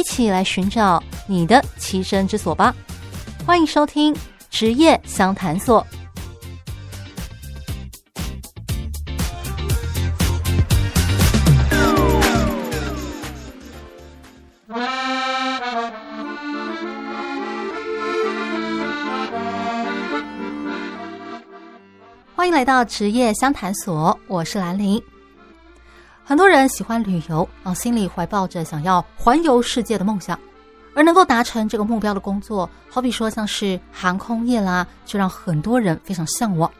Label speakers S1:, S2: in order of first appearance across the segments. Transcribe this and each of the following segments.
S1: 一起來尋找你的棲身之所吧！歡迎收聽《職業相談所》。歡迎來到《職業相談所》，我是蘭陵。很多人喜歡旅遊，啊，心裡懷抱着想要環遊世界的夢想，而能夠達成這個目標的工作，好比說像是航空業啦，就讓很多人非常向往。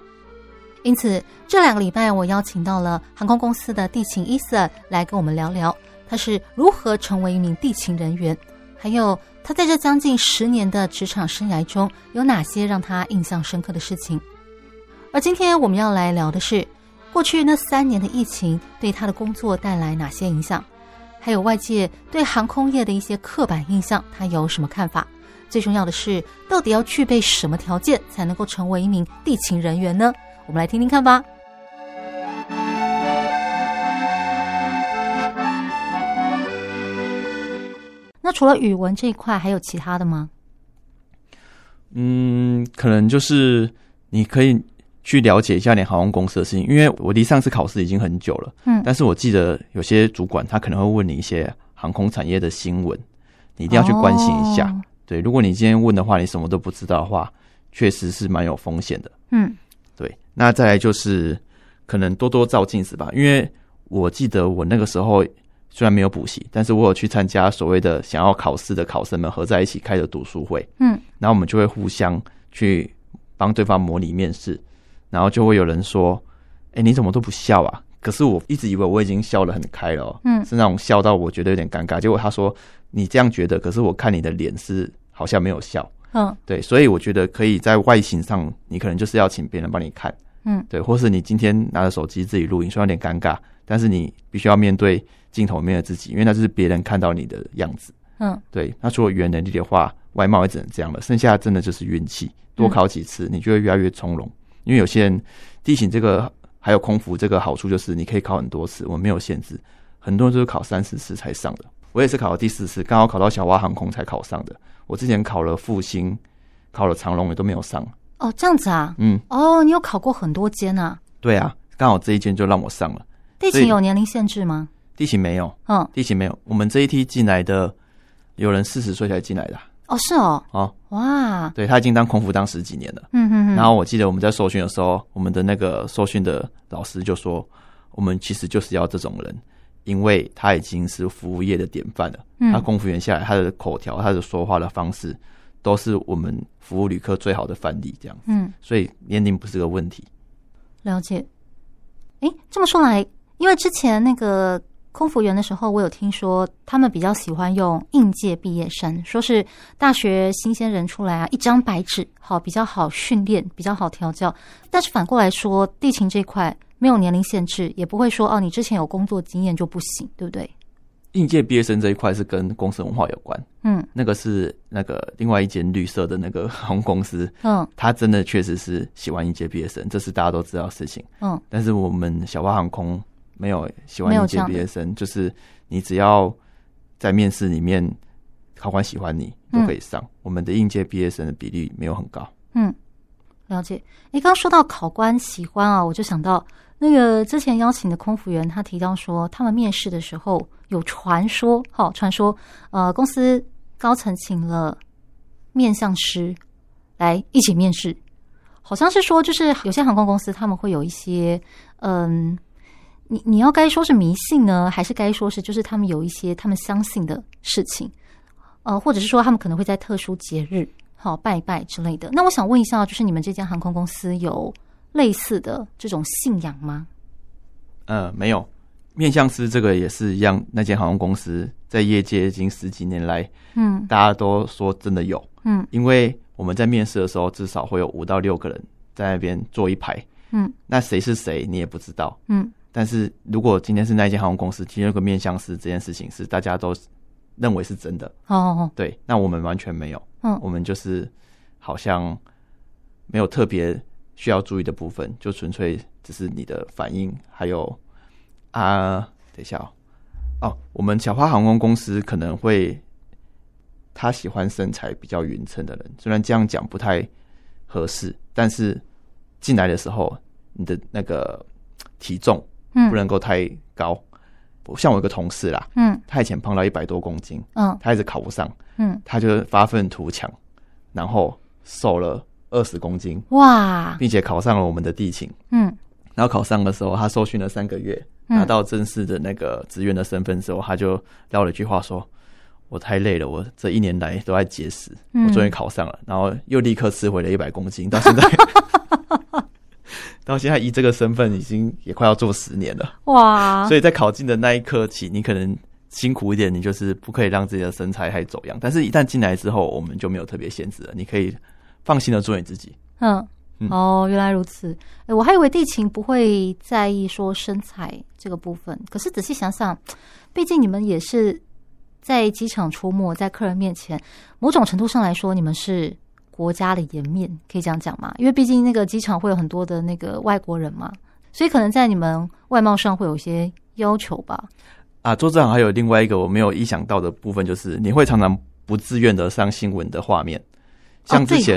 S1: 因此，這兩個禮拜我邀請到了航空公司的地勤 Ethance 來跟我們聊聊，他是如何成為一名地勤人員，還有他在這將近十年的職場生涯中有哪些讓他印象深刻的事情。而今天我們要來聊的是。過去那三年的疫情對他的工作帶來哪些影響？還有外界對航空業的一些刻板印象，他有什麼看法？最重要的是，到底要具備什麼條件才能夠成為一名地勤人員呢？我們來聽聽看吧。那除了語文這一塊，還有其他的嗎？嗯，
S2: 可能就是你可以。去了解一下你航空公司的事情，因為我離上次考試已經很久了。嗯，但是我記得有些主管他可能會問你一些航空產業的新聞，你一定要去關心一下。哦。對，如果你今天問的話，你什麼都不知道的話，確實是蠻有風險的。嗯，對。那再來就是可能多多照鏡子吧，因為我記得我那個時候雖然沒有補習，但是我有去參加所謂的想要考試的考生們合在一起開的讀書會。嗯，然後我們就會互相去幫對方模擬面試。然後就會有人說：“哎、欸，你怎麼都不笑啊？”可是我一直以為我已經笑得很開了，哦，嗯，是那種笑到我覺得有點尷尬。結果他說：“你這樣覺得，可是我看你的臉是好像沒有笑。哦”嗯，對，所以我覺得可以在外形上，你可能就是要請別人幫你看，嗯，對，或是你今天拿着手機自己錄音，雖然有點尷尬，但是你必須要面對鏡頭裡面的自己，因為那就是別人看到你的樣子。嗯、哦，對。那除了語言能力的話，外貌也只能這樣了。剩下真的就是運氣，多考幾次，你就會越來越從容。嗯越因為有些人，地勤這個還有空服這個好處就是你可以考很多次，我們沒有限制。很多人都是考三十次才上的，我也是考了第四次，剛好考到小蛙航空才考上的。我之前考了復興，考了長榮也都沒有上。
S1: 哦，這樣子啊，嗯，哦、oh,，你有考過很多間啊？
S2: 對啊，剛好這一間就讓我上了。地勤有
S1: 年齡限制嗎？
S2: 地勤沒有，嗯、oh.，地勤沒有。我們這一批進來的有人四十歲才進來的。
S1: 哦，是哦，
S2: 哦，
S1: 哇，
S2: 對他已經當空服當十幾年了，嗯嗯嗯。然後我記得我們在受訓的時候，我們的那個受訓的老師就說，我們其實就是要這種人，因為他已經是服務業的典範了，嗯、他空服員下來他的口條，他的說話的方式，都是我們服務旅客最好的範例，這樣子，嗯，所以年齡不是個問題。
S1: 了解，哎，這麼說來，因為之前那個。空服員的時候，我有聽說他們比較喜歡用應屆畢業生，說是大學新鮮人出來啊，一張白紙好比較好訓練，比較好調教。但是反過來說，地勤這塊沒有年齡限制，也不會說哦、啊，你之前有工作經驗就不行，對不對？
S2: 應屆畢業生這一塊是跟公司文化有關，嗯，那個是那個另外一間綠色的那個航空公司，嗯，他真的確實是喜歡應屆畢業生，這是大家都知道的事情，嗯。但是我們小巴航空。沒有喜歡應屆畢業生，就是你只要在面試裡面，考官喜歡你都可以上，嗯。我們的應屆畢業生的比例沒有很高。
S1: 嗯，了解。你剛說到考官喜歡啊，我就想到那個之前邀請的空服員，他提到說，他們面試的時候有傳說哈、哦，傳說呃，公司高層請了面相師來一起面試，好像是說就是有些航空公司他們會有一些嗯。你你要該說是迷信呢，還是該說是就是他們有一些他們相信的事情，呃，或者是說他們可能會在特殊節日好拜拜之類的。那我想問一下，就是你們這間航空公司有類似的這種信仰嗎？
S2: 呃，沒有，面相師這個也是一樣。那間航空公司在業界已經十幾年來，
S1: 嗯，
S2: 大家都說真的有，嗯，因為我們在面試的時候，至少會有五到六個人在那邊坐一排，嗯，那誰是誰你也不知道，嗯。但是如果今天是那一間航空公司，其實有個面相師這件事情是大家都認為是真的哦。對，那我們完全沒有，嗯，我們就是好像沒有特別需要注意的部分，就純粹只是你的反應。還有啊、呃，等一下哦，哦，我們小花航空公司可能會他喜歡身材比較勻稱的人，雖然這樣講不太合適，但是進來的時候你的那個體重。不能夠太高，嗯。像我一個同事啦，嗯，他以前胖到一百多公斤，嗯，哦，他一直考不上，嗯，他就發憤圖強，然後瘦了二十公斤，哇，並且考上了我們的地勤，嗯，然後考上的時候，他受訓了三個月，拿到正式的那個職員的身份之後，他就撂了一句話說，嗯：“我太累了，我這一年來都在節食，嗯，我終於考上了。”然後又立刻吃回了一百公斤，嗯，到現在。 然後現在以這個身份已經也快要做十年了哇！所以在考進的那一刻起，你可能辛苦一點，你就是不可以讓自己的身材還走樣。但是一旦進來之後，我們就沒有特別限制了，你可以放心的做你自己。
S1: 嗯，哦，原來如此。誒，我還以為地勤不會在意說身材這個部分，可是仔細想想，畢竟你們也是在機場出沒，在客人面前，某種程度上來說，你們是。國家的顏面可以這樣講嗎？因為畢竟那個機場會有很多的那個外國人嘛，所以可能在你們外貌上會有一些要求吧。
S2: 啊，做這行，還有另外一個我沒有意想到的部分，就是你會常常不自願的上新聞的畫面，像之前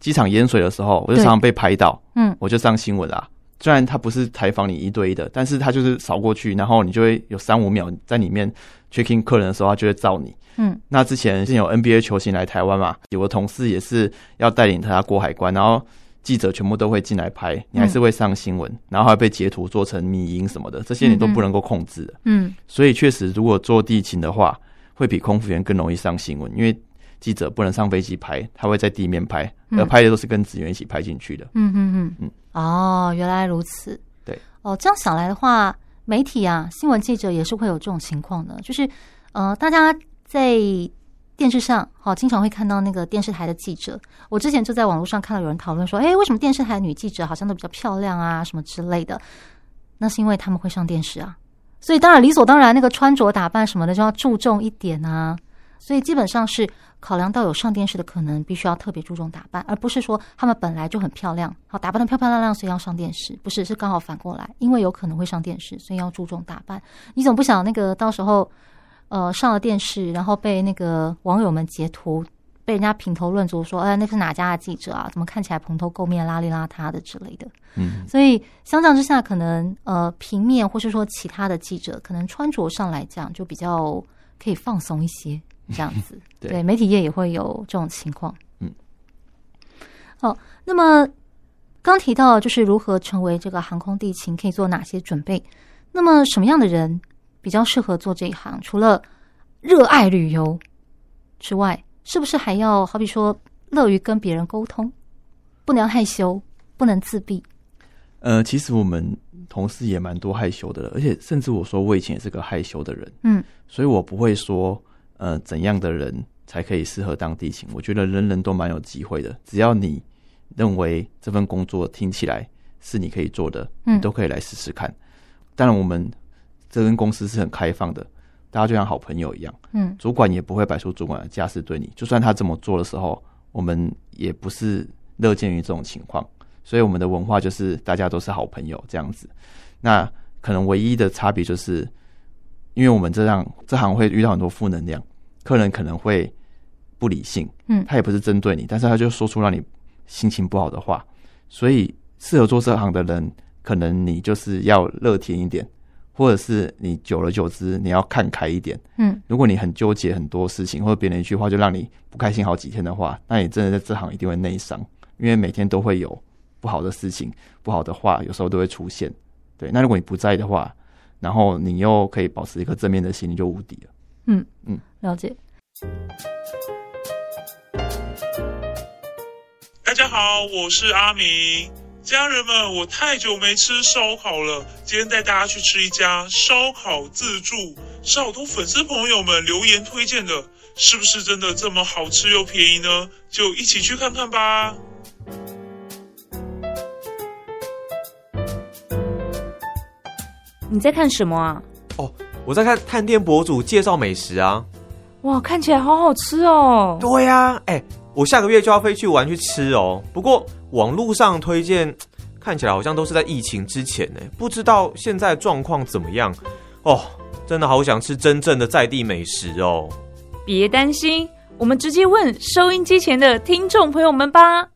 S2: 機、啊、場淹水的時候，我就常常被拍到，嗯，我就上新聞啦、啊嗯、雖然他不是採訪你一對一的，但是他就是掃過去，然後你就會有三五秒在裡面。check in 客人的時候，他就會照你。嗯，那之前是有 NBA 球星來台灣嘛？有的同事也是要帶領他過海關，然後記者全部都會進來拍，你還是會上新聞、嗯，然後還被截圖做成迷因什麼的，這些你都不能夠控制。嗯，嗯，所以確實，如果做地勤的話，會比空服員更容易上新聞，因為記者不能上飛機拍，他會在地面拍，而拍的都是跟職員一起拍進去的。
S1: 嗯嗯嗯嗯，嗯。哦，原來如此。對。哦，這樣想來的話。媒體啊，新聞記者也是會有這種情況的，就是，呃，大家在電視上好、啊、經常會看到那個電視台的記者。我之前就在網絡上看到有人討論說，誒、哎、為什麼電視台的女記者好像都比較漂亮啊，什麼之類的？那是因為她們會上電視啊，所以當然理所當然，那個穿着打扮什麼的就要注重一點啊。所以基本上是考量到有上電視的可能，必須要特別注重打扮，而不是說他們本來就很漂亮，好打扮的漂漂亮亮，所以要上電視，不是，是剛好反過來，因為有可能會上電視，所以要注重打扮。你總不想那個到時候，呃，上了電視，然後被那個網友們截圖，被人家評頭論足，說哎，那是哪家的記者啊？怎麼看起來蓬頭垢面、邋裡邋遢的之類的？嗯，所以相較之下，可能呃，平面或是說其他的記者，可能穿着上來講就比較可以放鬆一些。這樣子，對媒體業也會有這種情況。嗯，好。那麼剛提到就是如何成為這個航空地勤，可以做哪些準備？那麼什麼樣的人比較適合做這一行？除了熱愛旅遊之外，是不是還要好比說樂於跟別人溝通，不能害羞，不能自閉？
S2: 呃，其實我們同事也蠻多害羞的，而且甚至我說我以前也是個害羞的人，
S1: 嗯，
S2: 所以我不會說。呃，怎樣的人才可以適合當地勤？我覺得人人都蠻有機會的，只要你認為這份工作聽起來是你可以做的，你都可以來試試看。嗯、當然，我們這間公司是很開放的，大家就像好朋友一樣。嗯，主管也不會擺出主管的架勢對你，就算他怎麼做的時候，我們也不是樂見於這種情況。所以，我們的文化就是大家都是好朋友這樣子。那可能唯一的差別就是。因為我們這樣這行會遇到很多負能量，客人可能會不理性，嗯，他也不是針對你，但是他就說出讓你心情不好的話，所以適合做這行的人，可能你就是要樂天一點，或者是你久而久之你要看開一點，嗯，如果你很糾結很多事情，或者別人一句話就讓你不開心好幾天的話，那你真的在這行一定會內傷，因為每天都會有不好的事情、不好的話，有時候都會出現，對，那如果你不在的話。然後你又可以保持一個正面的心，你就無
S3: 敵了，嗯。嗯嗯，了解。
S4: 大家好，我是阿明，家人們，我太久沒吃燒烤了，今天帶大家去吃一家燒烤自助，是好多粉絲朋友們留言推薦的，是不是真的這麼好吃又便宜呢？就一起去看看吧。
S5: 你在看什麼啊？哦，
S4: 我在看探店博主介紹美食啊。
S5: 哇，看起來好好吃哦。對呀，
S4: 哎，我下個月就要飛去玩去吃哦。不過網路上推薦看起來好像都是在疫情之前呢，不知道現在狀況怎麼樣哦。真的好想吃真正的在地美食哦。
S5: 別擔心，我們直接問收音機前的聽眾朋友們吧。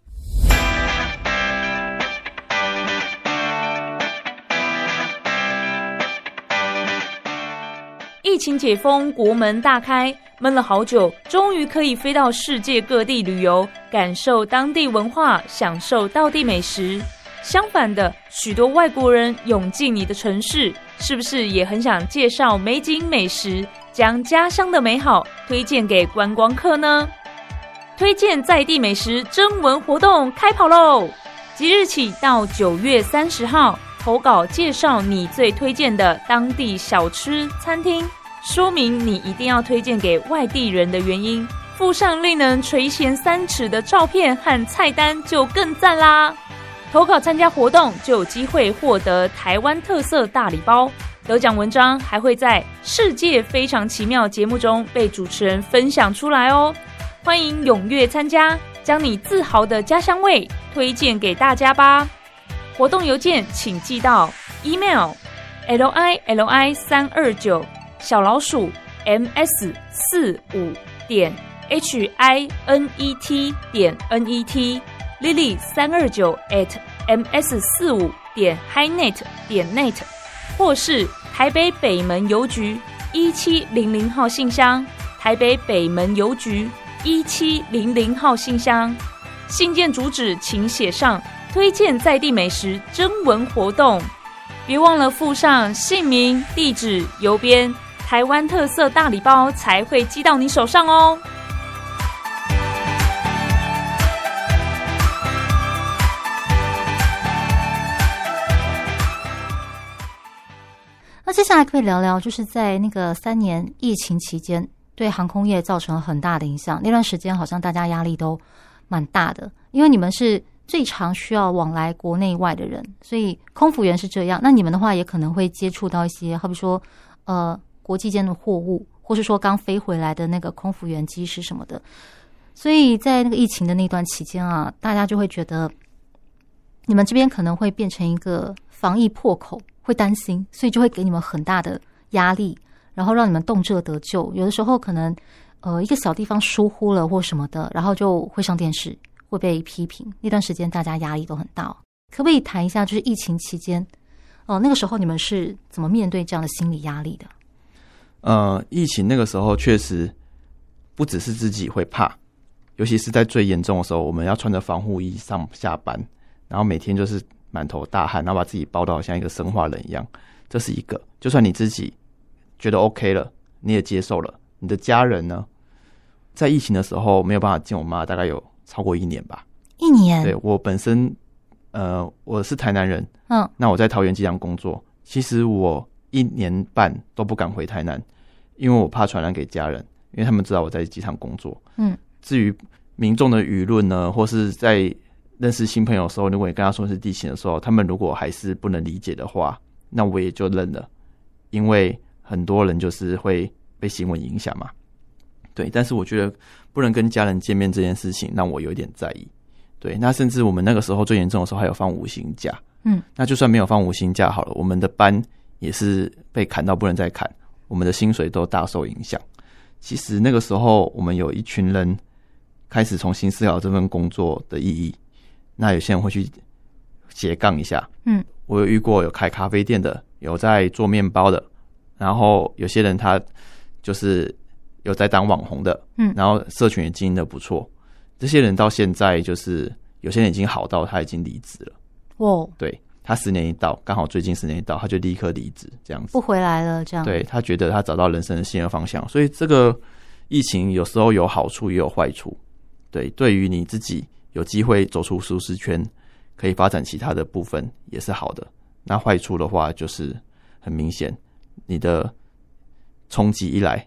S5: 疫情解封，國門大開，悶了好久，終於可以飛到世界各地旅遊，感受當地文化，享受道地美食。相反的，許多外國人湧進你的城市，是不是也很想介紹美景美食，將家鄉的美好推薦給觀光客呢？推薦在地美食徵文活動開跑嘍！即日起到九月三十號，投稿介紹你最推薦的當地小吃餐廳。說明你一定要推薦給外地人的原因，附上令人垂涎三尺的照片和菜單就更讚啦！投稿參加活動就有機會獲得台灣特色大禮包，得獎文章還會在《世界非常奇妙》節目中被主持人分享出來哦！歡迎踴躍參加，將你自豪的家鄉味推薦給大家吧！活動郵件請寄到 email li li 三二九。小老鼠 ms 四五點 hinet 點 net lily 三二九 at ms 四五點 hinet 點 net 或是台北北門郵局一七零零號信箱，台北北門郵局一七零零號信箱。信件主旨請寫上推薦在地美食徵文活動，別忘了附上姓名、地址、郵編。台灣特色大禮包才會寄到你手上哦。那
S1: 接下來可以聊聊，就是在那個三年疫情期間，對航空業造成了很大的影響。那段時間好像大家壓力都蠻大的，因為你們是最常需要往來國內外的人，所以空服員是這樣。那你們的話也可能會接觸到一些，好比說，呃。國際間的貨物，或是說剛飛回來的那個空服員、機師什麼的，所以在那個疫情的那段期間啊，大家就會覺得你們這邊可能會變成一個防疫破口，會擔心，所以就會給你們很大的壓力，然後讓你們動輒得咎。有的時候可能呃，一個小地方疏忽了或什麼的，然後就會上電視，會被批評。那段時間大家壓力都很大。可不可以談一下，就是疫情期間哦、呃，那個時候你們是怎麼面對這樣的心理壓力的？
S2: 呃，疫情那個時候確實不只是自己會怕，尤其是在最嚴重的時候，我們要穿着防護衣上下班，然後每天就是滿頭大汗，然後把自己包到像一個生化人一樣。這是一個，就算你自己覺得 OK 了，你也接受了。你的家人呢？在疫情的時候沒有辦法見我媽，大概有超過一年吧。
S3: 一年，對，
S2: 我本身，呃，我是台南人，嗯、哦，那我在桃園機場工作，其實我。一年半都不敢回台南，因為我怕傳染給家人，因為他們知道我在機場工作。嗯，至於民眾的輿論呢，或是在認識新朋友的時候，如果你跟他說是地勤的時候，他們如果還是不能理解的話，那我也就認了，因為很多人就是會被新聞影響嘛。對，但是我覺得不能跟家人見面這件事情讓我有點在意。對，那甚至我們那個時候最嚴重的時候還有放無薪假。嗯，那就算沒有放無薪假好了，我們的班。也是被砍到不能再砍，我們的薪水都大受影響。其實那個時候，我們有一群人開始重新思考這份工作的意義。那有些人會去斜槓一下，嗯，我有遇過有開咖啡店的，有在做麵包的，然後有些人他就是有在當網紅的，嗯，然後社群也經營得不錯。這些人到現在，就是有些人已經好到他已經離職了。哦，對。他十年一到，剛好最近十年一到，他就立刻離職，這樣子不
S1: 回來了。這樣子。對，
S2: 他覺得他找到人生的新的方向，所以這個疫情有時候有好處也有壞處。對，對於你自己有機會走出舒適圈，可以發展其他的部分也是好的。那壞處的話就是很明顯，你的衝擊一來，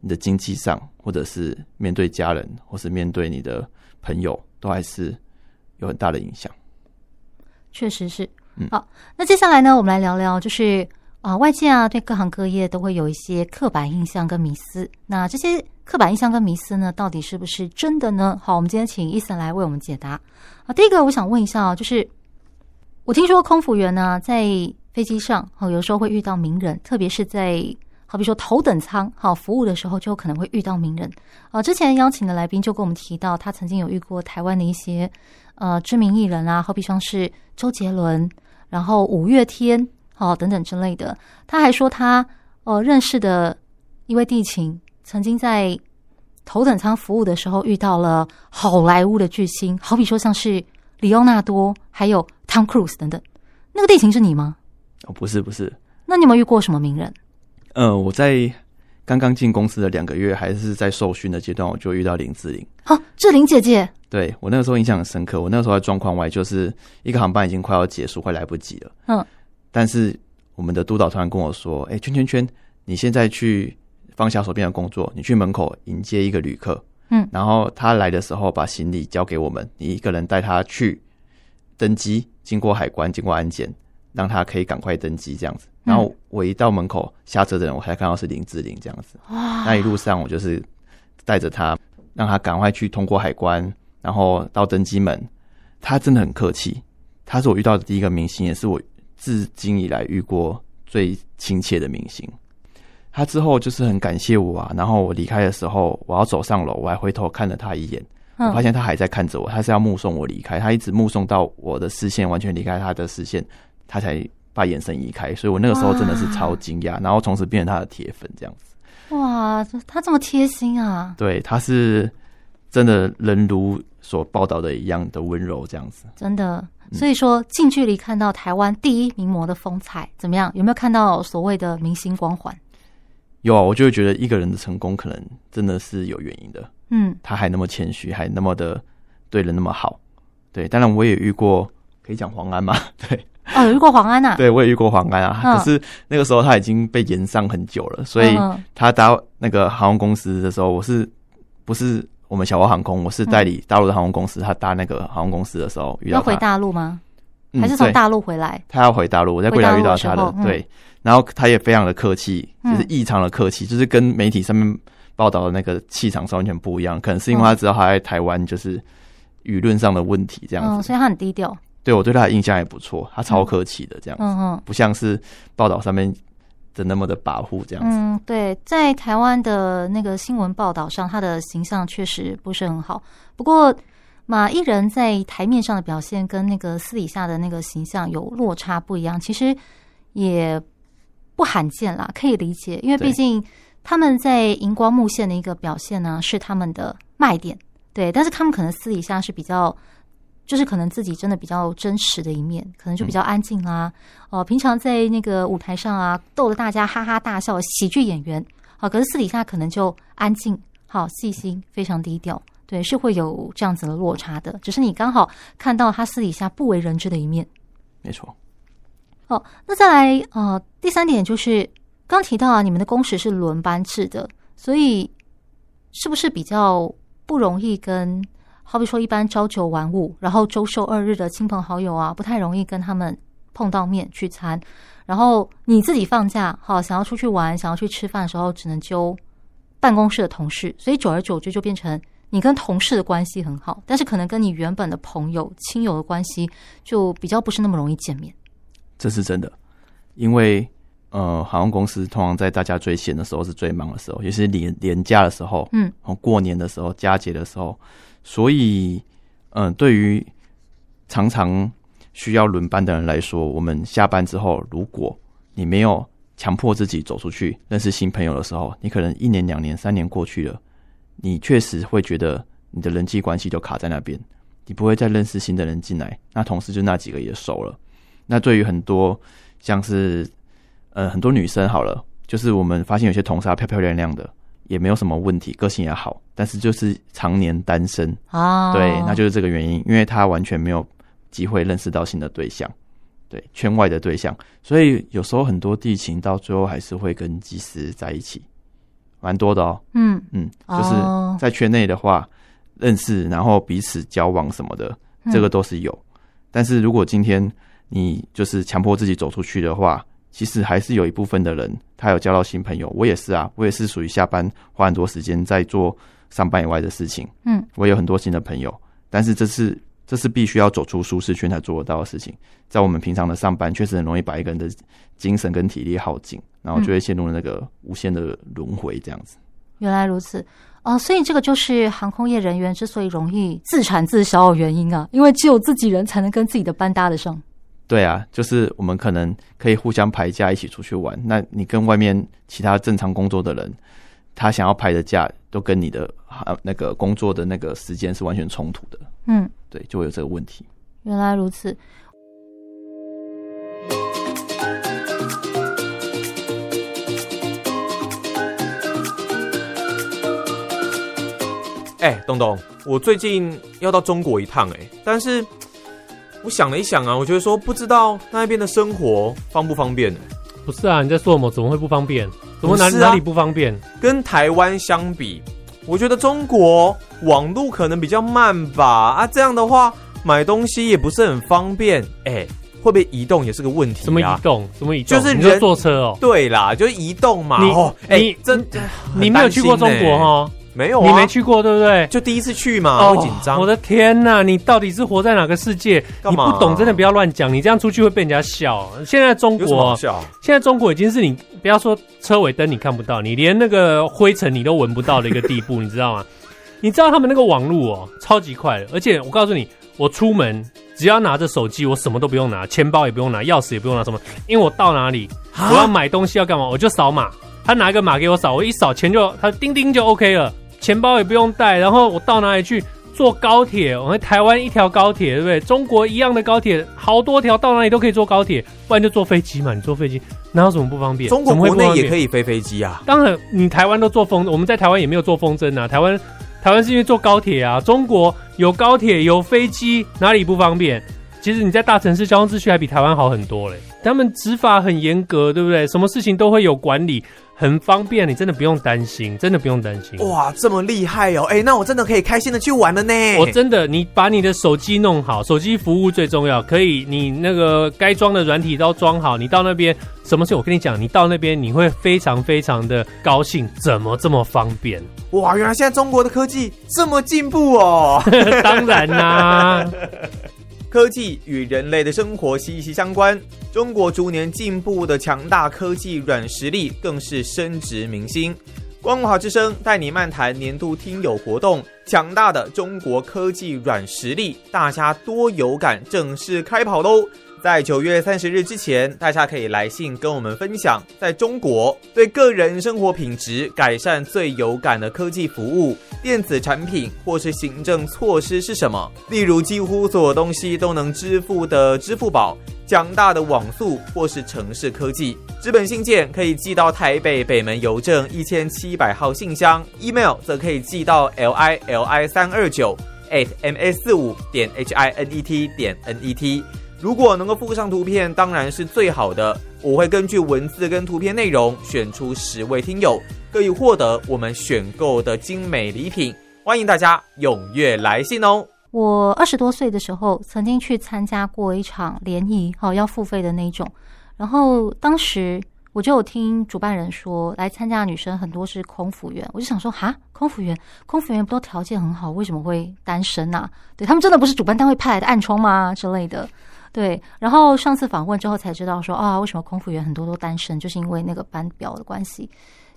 S2: 你的經濟上或者是面對家人，或者是面對你的朋友，都還是有很大的影響。
S1: 確實是。好，那接下來呢，我們來聊聊，就是啊，外界啊，對各行各業都會有一些刻板印象跟迷思。那這些刻板印象跟迷思呢，到底是不是真的呢？好，我們今天請 Ethance 來為我們解答。啊，第一個，我想問一下，就是我聽說空服員呢，在飛機上啊，有時候會遇到名人，特別是在好比說頭等艙好、啊、服務的時候，就可能會遇到名人。啊，之前邀請的來賓就跟我們提到，他曾經有遇過台灣的一些呃知名藝人啊，好比像是周杰倫。然後五月天哦等等之類的，他還說他呃認識的一位地勤，曾經在頭等艙服務的時候遇到了好萊塢的巨星，好比說像是李奧納多還有 Tom Cruise 等等。那個地勤是你嗎？
S2: 哦，不是，不是。
S1: 那你有沒有遇過什麼名人？
S2: 呃，我在。剛剛進公司的兩個月，還是在受訓的階段，我就遇到林志玲。
S1: 哦、啊，志玲姐姐，
S2: 對，我那個時候印象很深刻，我那個時候在狀況外，就是，一個航班已經快要結束，快來不及了。嗯，但是我們的督導突然跟我說：“哎、欸，圈圈圈，你現在去放下手邊的工作，你去門口迎接一個旅客。嗯，然後他來的時候把行李交給我們，你一個人帶他去登機，經過海關，經過安檢。”讓他可以趕快登機這樣子。然後我一到門口下車的人，我才看到是林志玲這樣子。那一路上我就是帶着他，讓他趕快去通過海關，然後到登機門。他真的很客氣，他是我遇到的第一個明星，也是我至今以來遇過最親切的明星。他之後就是很感謝我啊。然後我離開的時候，我要走上樓，我還回頭看了他一眼，我發現他還在看着我，他是要目送我離開，他一直目送到我的視線完全離開他的視線。他才把眼神移開，所以我那個時候真的是超驚訝，然後從此變成他的鐵粉這樣子。
S1: 哇，他這麼貼心啊！
S2: 對，他是真的人如所報道的一樣的溫柔，這樣子、嗯、
S1: 真的。所以說，近距離看到台灣第一名模的風采怎麼樣？有沒有看到所謂的明星光環？
S2: 有啊，我就會覺得一個人的成功，可能真的是有原因的。嗯，他還那麼謙虛，還那麼的對人那麼好。對，當然我也遇過，可以講黃安嗎？對。
S1: 哦，有遇過黃安吶、啊？ 對，
S2: 我也遇過黃安啊、嗯。可是那個時候他已經被炎上很久了，所以他搭那個航空公司的時候，我是不是我們小華航空？我是代理大陸的航空公司。他搭那個航空公司的時候，遇到他要回大
S1: 陸嗎、嗯？還是從大陸回來？
S2: 他要回大陸，我在貴陽遇到他的，的、嗯。對，然後他也非常的客氣、嗯，就是異常的客氣，就是跟媒體上面報道的那個氣場是完全不一樣、嗯。可能是因為他知道他在台灣就是輿論上的問題這樣子，嗯
S1: 嗯、所以他很低調。
S2: 對，我對他的印象也不錯，他超客氣的這樣子，嗯嗯嗯，不像是報道上面的那麼的跋扈這樣子。
S1: 嗯，對，在台灣的那個新聞報道上，他的形象確實不是很好。不過，嘛，藝人在台面上的表現跟那個私底下的那個形象有落差不一樣，其實也不罕見啦，可以理解。因為畢竟他們在螢光幕前的一個表現呢，是他們的賣點。對，但是他們可能私底下是比較。就是可能自己真的比較真實的一面，可能就比較安靜啊，哦、嗯呃，平常在那個舞台上啊，逗得大家哈哈大笑，喜劇演員，好、啊，可是私底下可能就安靜，好細心，非常低調，對，是會有這樣子的落差的，只是你剛好看到他私底下不為人知的一面，沒錯。哦，那再來啊、呃，第三點就是剛提到啊，你們的工時是輪班制的，所以是不是比較不容易跟？好比說，一般朝九晚五，然後周休二日的親朋好友啊，不太容易跟他們碰到面聚餐。然後你自己放假，好想要出去玩，想要去吃飯的時候，只能揪辦公室的同事。所以，久而久之，就變成你跟同事的關係很好，但是可能跟你原本的朋友、親友的關係，就比較不是那麼容易見面。
S2: 這是真的，因為呃，航空公司通常在大家最閒的時候是最忙的時候，也是年年假的時候，嗯，然後過年的時候，佳節的時候。所以，嗯，對於常常需要輪班的人來說，我們下班之後，如果你沒有強迫自己走出去認識新朋友的時候，你可能一年、兩年、三年過去了，你確實會覺得你的人際關係就卡在那邊，你不會再認識新的人進來。那同事就那幾個也熟了。那對於很多像是呃、嗯、很多女生好了，就是我們發現有些同事她漂漂亮亮的。也沒有什麼問題，個性也好，但是就是常年單身啊，oh. 對，那就是這個原因，因為他完全沒有機會認識到新的對象，對，圈外的對象，所以有時候很多地勤到最後還是會跟技師在一起，蠻多的哦，喔，嗯嗯，就是在圈內的話、oh. 認識，然後彼此交往什麼的，這個都是有，嗯，但是如果今天你就是強迫自己走出去的話。其實還是有一部分的人，他有交到新朋友。我也是啊，我也是屬於下班花很多時間在做上班以外的事情。嗯，我也有很多新的朋友，但是這是這是必須要走出舒適圈才做得到的事情。在我們平常的上班，確實很容易把一個人的精神跟體力耗盡，然後就會陷入了那個無限的輪迴這樣子，嗯。
S1: 原來如此，啊、呃，所以這個就是航空業人員之所以容易自產自銷的原因啊，因為只有自己人才能跟自己的班搭得上。
S2: 對啊，就是我們可能可以互相排假一起出去玩。那你跟外面其他正常工作的人，他想要排的假都跟你的、啊、那個工作的那個時間是完全衝突的。
S1: 嗯，
S2: 對，就會有這個問題。
S1: 原來如此。
S4: 哎，東東，我最近要到中國一趟哎，但是。我想了一想啊，我覺得說不知道那邊的生活方不方便呢？不是啊，你在說什麼？怎麼會不方便？怎麼哪是，啊、哪裡不方便？跟台灣相比，我覺得中國網路可能比較慢吧。啊，這樣的話買東西也不是很方便。哎、欸，會不會移動也是個問題，啊？什麼移動？什麼移動？就是你在坐
S6: 車哦。對啦，就是移動嘛。你，哦欸，你
S4: 真的，呃、你沒
S6: 有去過中國哈？呃沒有、啊，你沒去過，對不對？就第一次去嘛，會緊張。我的天哪、啊，你到底是活在哪個世界？啊、你不懂，真的不要亂講。你這樣出去會被人家笑。現在中國，現在中國已經是你不要說車尾燈你看不到，你連那個灰塵你都聞不到的一個地步， 你知道嗎？你知道他們那個網絡哦、喔，超級快的。而且我告訴你，我出門只要拿着手機，我什麼都不用拿，錢包也不用拿，鑰匙也不用拿，什麼？因為我到哪裡，我要買東西要幹嘛，我就掃碼。他拿一個碼給我掃，我一掃錢就他叮叮就 OK 了。錢包也不用帶，然後我到哪裡去坐高鐵？我們台灣一條高鐵，對不對？中國一樣的高鐵，好多條，到哪裡都可以坐高鐵，不然就坐飛機嘛。你坐飛機哪有什麼不方便？中國國內會不也可以飛飛機啊。當然，你台灣都坐風，我們在台灣也沒有坐風箏啊，台灣，台灣是因為坐高鐵啊，中國有高鐵有飛機，哪裡不方便？其實你在大城市交通秩序還比台灣好很多嘞。他們執法很嚴格，對不對？什麼事情都會有管理，很方便，你真的不用擔心，真的不用擔
S4: 心。哇，這麼厲害哦！哎、欸，那我真的可以開心的去玩了呢。我真的，你把你
S6: 的手機弄好，手機服務最重要。可以，你那個該裝的軟體都裝好。你到那邊，什麼事我跟你講，你到那邊你會非常非常的高興。怎麼這麼
S4: 方便？哇，原來現在中國的科技這麼進步哦！ 當然啦、啊。 科技與人類的生活息息相關，中國逐年進步的強大科技軟實力更是深植民心。光華之聲帶你漫談年度聽友活動，強大的中國科技軟實力，大家多有感，正式開跑嘍！在九月三十日之前，大家可以來信跟我們分享，在中國對個人生活品質改善最有感的科技服務、電子產品或是行政措施是什麼。例如，幾乎所有東西都能支付的支付寶、強大的網速，或是城市科技。紙本信件可以寄到台北北門郵政一千七百號信箱，email 則可以寄到 l i l i 三二九 atma 四五點 hinet 點 net。如果能夠附上圖片，當然是最好的。我會根據文字跟圖片內容選出十位聽友，可以獲得我們選購的精美禮品。歡迎大家踴躍來信哦！
S1: 我二十多歲的時候，曾經去參加過一場聯誼，好要付費的那種。然後當時我就有聽主辦人說，來參加的女生很多是空服員，我就想說，哈，空服員，空服員不都條件很好，為什麼會單身呢？啊？對，他們真的不是主辦單位派來的暗沖嗎？之類的。對，然後上次訪問之後才知道說，啊，為什麼空服員很多都單身，就是因為那個班表的關係。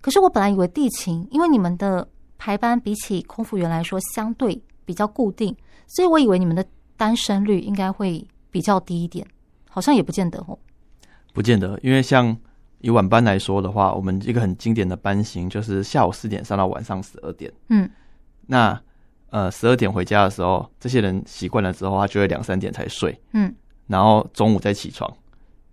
S1: 可是我本來以為地勤，因為你們的排班比起空服員來說相對比較固定，所以我以為你們的單身率應該會比較低一點，好像也不見得哦。
S3: 不
S2: 見得，因為像以晚班來說的話，我們一個很經典的班型就是下午四點上到晚上十二點，嗯，那呃十二點回家的時候，這些人習慣了之後，他就會兩三點才睡，嗯。然後中午再起床，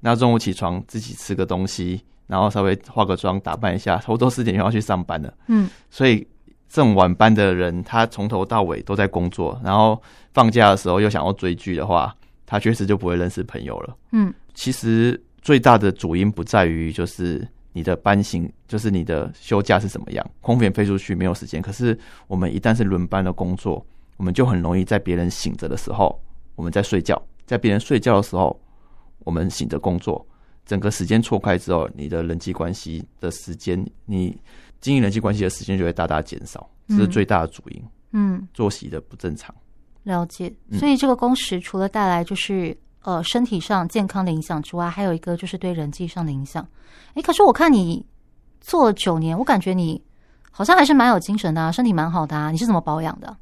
S2: 那中午起床自己吃個東西，然後稍微化個妝打扮一下，差不多四點就要去上班了。嗯，所以這種晚班的人，他從頭到尾都在工作。然後放假的時候又想要追劇的話，他確實就不會認識朋友了。嗯，其實最大的主因不在於就是你的班型，就是你的休假是怎麼樣，空便飛出去沒有時間。可是我們一旦是輪班的工作，我們就很容易在別人醒着的時候我們在睡覺。在別人睡覺的時候，我們醒着工作，整個時間錯開之後，你的人際關係的時間，你經營人際關係的時間就會大大減少。嗯，這是最大的主因。嗯，作息的不正常。
S1: 了解。嗯、所以這個工時除了帶來就是呃身體上健康的影響之外，還有一個就是對人際上的影響。哎、欸，可是我看你做了九年，我感覺你好像還是蠻有精神的啊，身體蠻好的啊，你是怎麼保養的？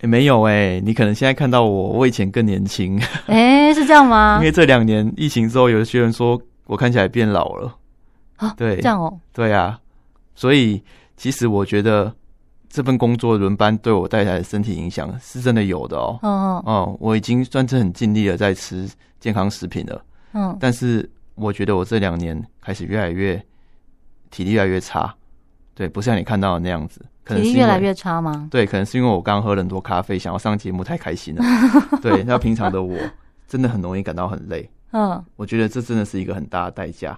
S2: 也、欸、沒有，哎、欸，你可能現在看到我，我以前更年輕。
S1: 哎、欸，是這樣嗎？因為
S2: 這兩年疫情之後，有些人說我看起來變老了。啊，對，這樣哦，對啊。所以其實我覺得這份工作輪班對我帶來的身體影響是真的有的哦。哦嗯，嗯，嗯，我已經算是很盡力的在吃健康食品了。嗯，但是我覺得我這兩年開始越來越體力越來越差，對，不像你看到的那樣子。可能越來越差嗎？對，可能是因為我剛喝了很多咖啡，想要上節目太開心
S3: 了
S2: 對，那平常的我真的很容易感到很累。嗯，我覺得這真的是一個很大的代價。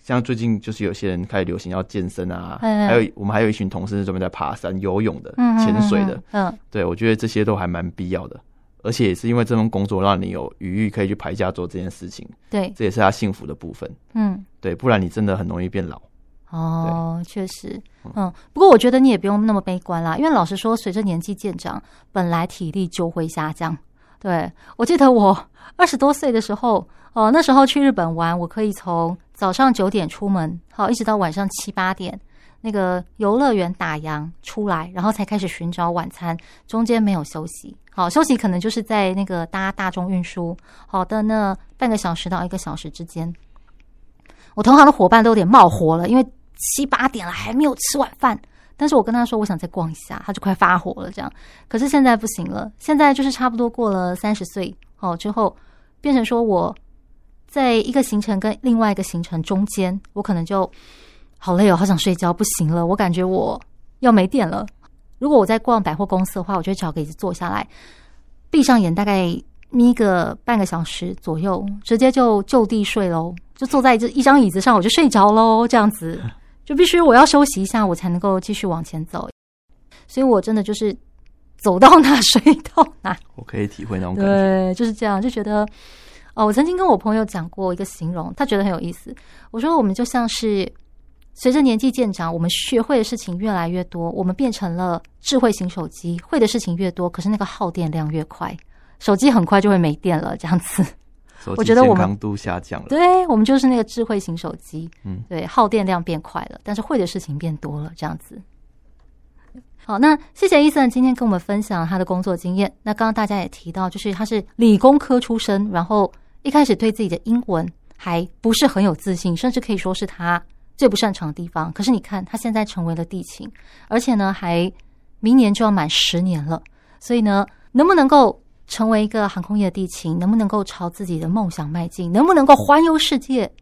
S2: 像最近就是有些人開始流行要健身啊，還有我們還有一群同事是準備在爬山、游泳的、潛水的。嗯，對我覺得這些都還蠻必要的，而且也是因為這份工作讓你有餘裕可以去排假做這件事情。對，這也是他幸福的部分。嗯，對，不然你真的很容易變老。
S1: 哦、oh,，確實，嗯，嗯，不過我覺得你也不用那麼悲觀啦，因為老實說，隨着年紀漸長，本來體力就會下降。對，我記得我二十多歲的時候，哦、呃，那時候去日本玩，我可以從早上九點出門，好、哦，一直到晚上七八點，那個遊樂園打烊出來，然後才開始尋找晚餐，中間沒有休息，好、哦，休息可能就是在那個搭大眾運輸，好的，那半個小時到一個小時之間，我同行的夥伴都有點冒火了，因為。七八點了，還沒有吃晚飯。但是我跟他說，我想再逛一下，他就快發火了。這樣，可是現在不行了。現在就是差不多過了三十歲哦，之後，變成說我在一個行程跟另外一個行程中間，我可能就好累哦，好想睡覺，不行了，我感覺我要沒電了。如果我在逛百貨公司的話，我就找個椅子坐下來，閉上眼，大概眯個半個小時左右，直接就就地睡嘍，就坐在這一張椅子上，我就睡着嘍，這樣子。就必須我要休息一下，我才能夠繼續往前走。所以我真的就是走到哪睡到
S2: 哪。我可以體會那種
S1: 感覺，對，就是這樣，就覺得哦。我曾經跟我朋友講過一個形容，他覺得很有意思。我說我們就像是隨着年紀漸長，我們學會的事情越來越多，我們變成了智慧型手機，會的事情越多，可是那個耗電量越快，手機很快就會沒電了，這樣子。我覺得我們，對，我們就是那個智慧型手機，嗯，對，耗電量變快了，但是會的事情變多了，這樣子。好，那謝謝 Ethance 今天跟我們分享了他的工作經驗。那剛剛大家也提到，就是他是理工科出身，然後一開始對自己的英文還不是很有自信，甚至可以說是他最不擅長的地方。可是你看，他現在成為了地勤，而且呢，還明年就要滿十年了。所以呢，能不能夠？成為一個航空業的地勤，能不能夠朝自己的夢想邁進？能不能夠環遊世界，哦、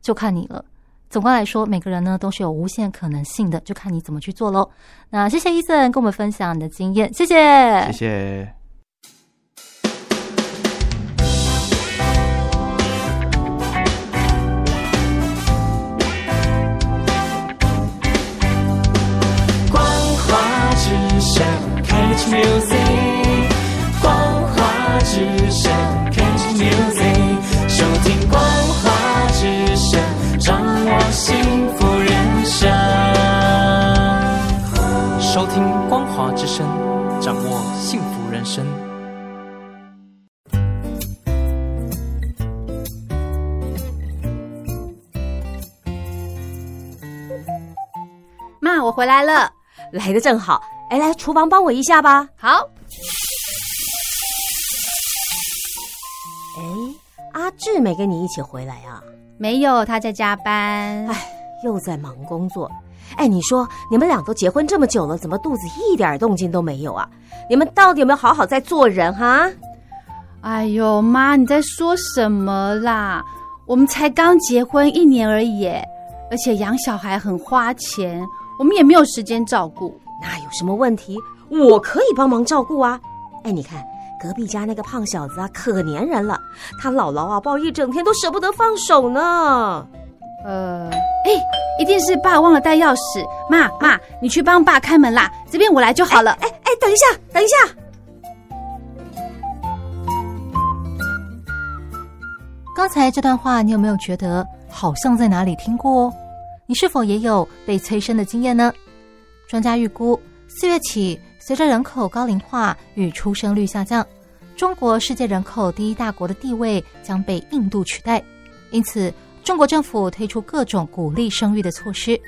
S1: 就看你了。總觀來說，每個人呢都是有無限可能性的，就看你怎麼去做嘍。那謝謝 Ethance 跟我們分享你的經驗，謝謝，謝謝。光華之
S2: 聲 c a
S4: t c 我幸福人
S3: 生。
S1: 媽，我回來了，啊、來得正好。哎，來廚房幫我一下吧。好。哎，阿志沒跟你一起回來呀、啊？沒有，他在加班。哎，又在忙工作。哎，你說你們倆都結婚這麼久了，怎麼肚子一點動靜都沒有啊？你們到底有沒有好好在做人哈？哎呦媽，你在說什麼啦？我們才剛結婚一年而已，而且養小孩很花錢，我們也沒有時間照顧。那有什麼問題？我可以幫忙照顧啊。哎，你看隔壁家那個胖小子啊，可粘人了，他姥姥啊抱一整天都捨不得放手呢。呃，哎，一定是爸忘了帶鑰匙。媽媽，你去幫爸開門啦，這邊我來就好了。哎哎，哎，等一下，等一下。剛才這段話，你有沒有覺得好像在哪裡聽過哦？你是否也有被催生的經驗呢？專家預估，四月起，隨着人口高齡化與出生率下降，中國世界人口第一大國的地位將被印度取代。因此。中國政府推出各種鼓勵生育的措施，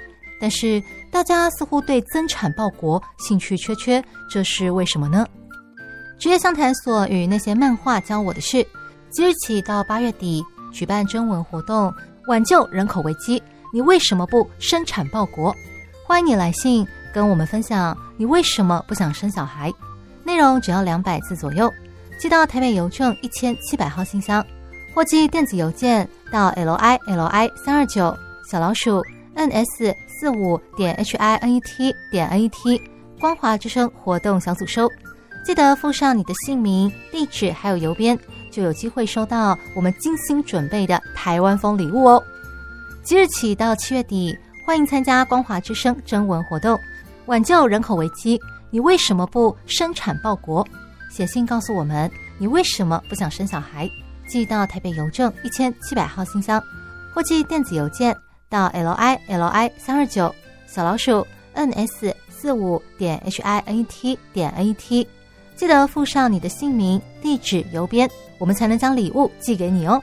S1: 但是大家似乎對增產報國興趣缺缺，這是為什麼呢？職業相談所與那些漫畫教我的事，即日起到八月底舉辦徵文活動，挽救人口危機。你為什麼不生產報國？歡迎你來信跟我們分享你為什麼不想生小孩。內容只要兩百字左右，寄到台北郵政一千七百號信箱，或寄電子郵件。到 l i l i 三二九小老鼠 n s 四五點 h i n e t 點 n e t 光華之聲活動小組收，記得附上你的姓名、地址還有郵編，就有機會收到我們精心準備的台灣風禮物哦。即日起到七月底，歡迎參加光華之聲徵文活動，挽救人口危機。你為什麼不生產報國？寫信告訴我們，你為什麼不想生小孩？寄到台北郵政一千七百號信箱，或寄電子郵件到 l i l i 三二九小老鼠 n s 四五點 h i n e t 點 n e t，記得附上你的姓名、地址、郵編，我們才能將禮物寄給你哦。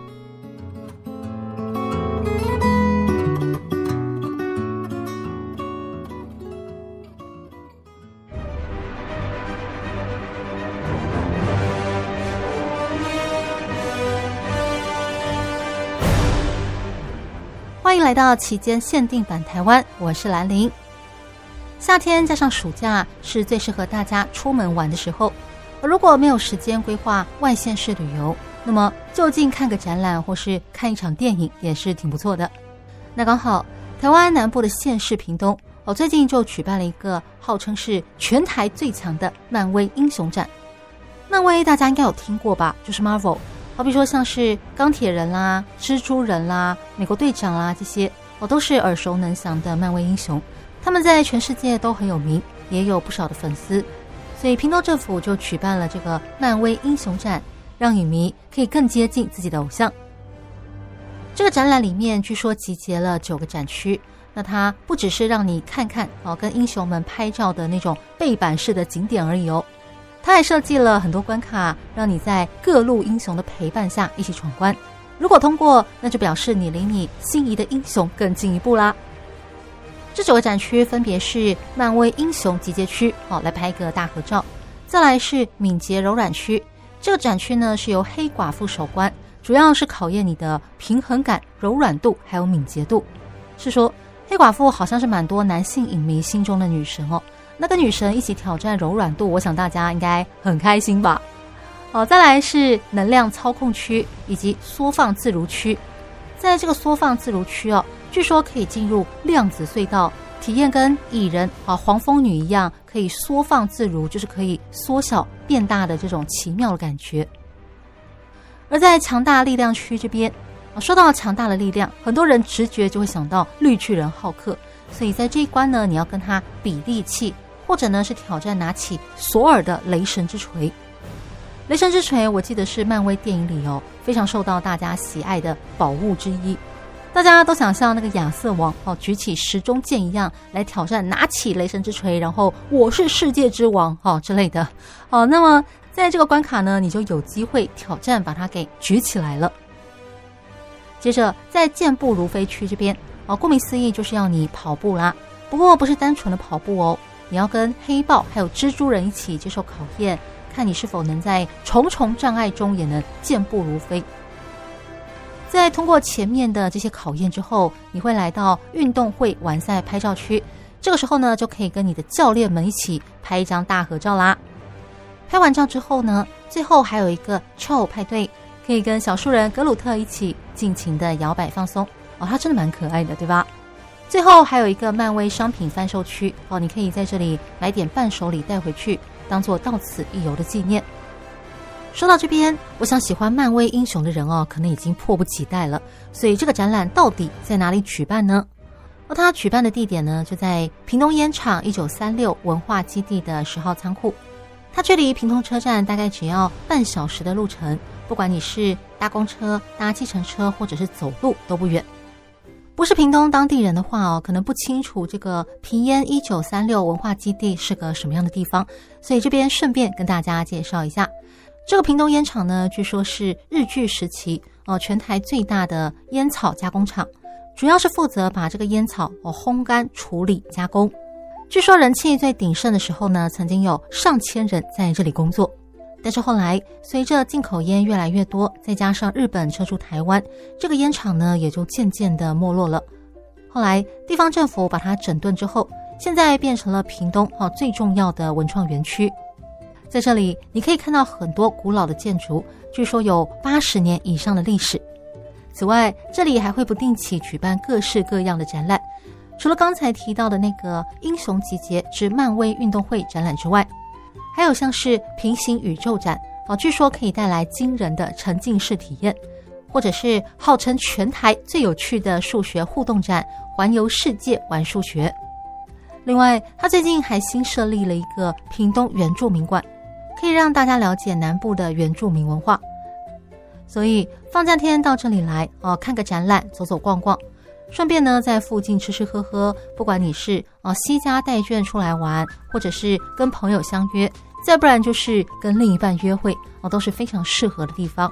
S1: 歡迎來到期間限定版台灣，我是蘭陵。夏天加上暑假是最適合大家出門玩的時候。如果沒有時間規劃外縣市旅遊，那麼就近看個展覽或是看一場電影也是挺不錯的。那剛好，台灣南部的縣市屏東哦，最近就舉辦了一個號稱是全台最強的漫威英雄展。漫威大家應該有聽過吧？就是 Marvel。好比說像是鋼鐵人啦、蜘蛛人啦、美國隊長啦這些，我、哦、都是耳熟能詳的漫威英雄，他們在全世界都很有名，也有不少的粉絲，所以屏東政府就舉辦了這個漫威英雄展，讓影迷可以更接近自己的偶像。這個展覽裡面據說集結了九個展區，那它不只是讓你看看哦，跟英雄們拍照的那種背板式的景點而已哦。他還設計了很多關卡，讓你在各路英雄的陪伴下一起闖關。如果通過，那就表示你離你心儀的英雄更進一步啦。這九個展區分別是漫威英雄集結區，好、哦、來拍一個大合照。再來是敏捷柔軟區，這個展區呢是由黑寡婦守關，主要是考驗你的平衡感、柔軟度還有敏捷度。是說黑寡婦好像是蠻多男性影迷心中的女神哦。那跟女神一起挑戰柔軟度，我想大家應該很開心吧！好，再來是能量操控區以及縮放自如區，在這個縮放自如區哦，據說可以進入量子隧道，體驗跟蟻人啊、黃蜂女一樣可以縮放自如，就是可以縮小變大的這種奇妙的感覺。而在強大力量區這邊，說到強大的力量，很多人直覺就會想到綠巨人浩克，所以在這一關呢，你要跟他比力氣。或者呢，是挑戰拿起索爾的雷神之錘。雷神之錘，我記得是漫威電影裡哦，非常受到大家喜愛的寶物之一。大家都想像那個亞瑟王哦，舉起石中劍一樣，來挑戰拿起雷神之錘，然後我是世界之王哦之類的。哦，那麼在這個關卡呢，你就有機會挑戰把它給舉起來了。接着，在健步如飛區這邊哦，顧名思義就是要你跑步啦，不過不是單純的跑步哦。你要跟黑豹還有蜘蛛人一起接受考驗，看你是否能在重重障礙中也能健步如飛。在通過前面的這些考驗之後，你會來到運動會完賽拍照區，這個時候呢就可以跟你的教練們一起拍一張大合照啦。拍完照之後呢，最後還有一個 chill 派對，可以跟小樹人格魯特一起盡情的搖擺放鬆。哦，他真的蠻可愛的，對吧？最後還有一個漫威商品販售區哦，你可以在這裡買點伴手禮帶回去，當做到此一遊的紀念。說到這邊，我想喜歡漫威英雄的人哦，可能已經迫不及待了。所以這個展覽到底在哪裡舉辦呢？而、哦、它舉辦的地點呢，就在屏東菸廠一九三六文化基地的十號倉庫。它距離屏東車站大概只要半小時的路程，不管你是搭公車、搭計程車或者是走路都不遠。不是屏東當地人的話哦，可能不清楚這個屏菸一九三六文化基地是個什麼樣的地方，所以這邊順便跟大家介紹一下。這個屏東菸廠呢，據說是日據時期哦，全台最大的菸草加工廠，主要是負責把這個菸草哦烘乾、處理、加工。據說人氣最鼎盛的時候呢，曾經有上千人在這裡工作。但是後來，隨着進口煙越來越多，再加上日本撤出台灣，這個煙廠呢也就漸漸的沒落了。後來地方政府把它整頓之後，現在變成了屏東啊最重要的文創園區。在這裡，你可以看到很多古老的建築，據說有八十年以上的歷史。此外，這裡還會不定期舉辦各式各樣的展覽，除了剛才提到的那個“英雄集結之漫威運動會”展覽之外。還有像是平行宇宙展哦，據說可以帶來驚人的沉浸式體驗，或者是號稱全台最有趣的數學互動展，環遊世界玩數學。另外，他最近還新設立了一個屏東原住民館，可以讓大家了解南部的原住民文化。所以放假天到這裡來哦，看個展覽，走走逛逛。順便呢，在附近吃吃喝喝，不管你是哦，攜家帶眷出來玩，或者是跟朋友相約，再不然就是跟另一半約會，哦，都是非常適合的地方。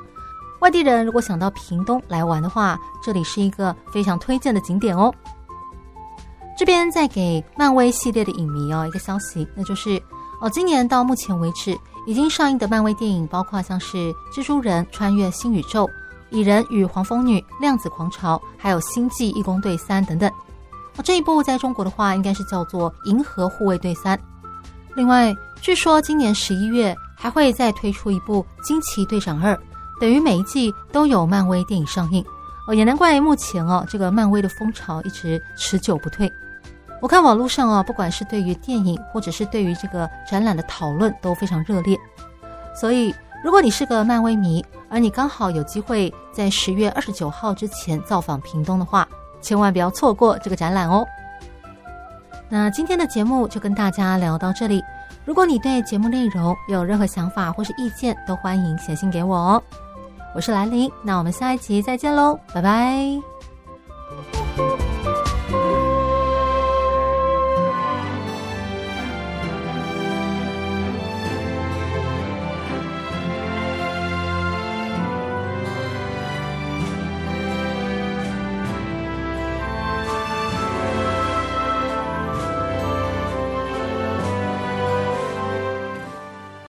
S1: 外地人如果想到屏東來玩的話，這裡是一個非常推薦的景點哦。這邊再給漫威系列的影迷哦一個消息，那就是哦，今年到目前為止已經上映的漫威電影，包括像是蜘蛛人穿越新宇宙。蟻人與黃蜂女、量子狂潮，還有星際異攻隊三等等。這一部在中國的話，應該是叫做《銀河護衛隊三》。另外，據說今年十一月還會再推出一部《驚奇隊長二》，等於每一季都有漫威電影上映。哦，也難怪目前哦、啊，這個漫威的風潮一直持久不退。我看網路上啊，不管是對於電影，或者是對於這個展覽的討論都非常熱烈，所以。如果你是個漫威迷，而你剛好有機會在十月二十九號之前造訪屏東的話，千萬不要錯過這個展覽哦。那今天的節目就跟大家聊到這裡。如果你對節目內容有任何想法或是意見，都歡迎寫信給我哦。我是蘭陵，那我們下一集再見嘍，拜拜。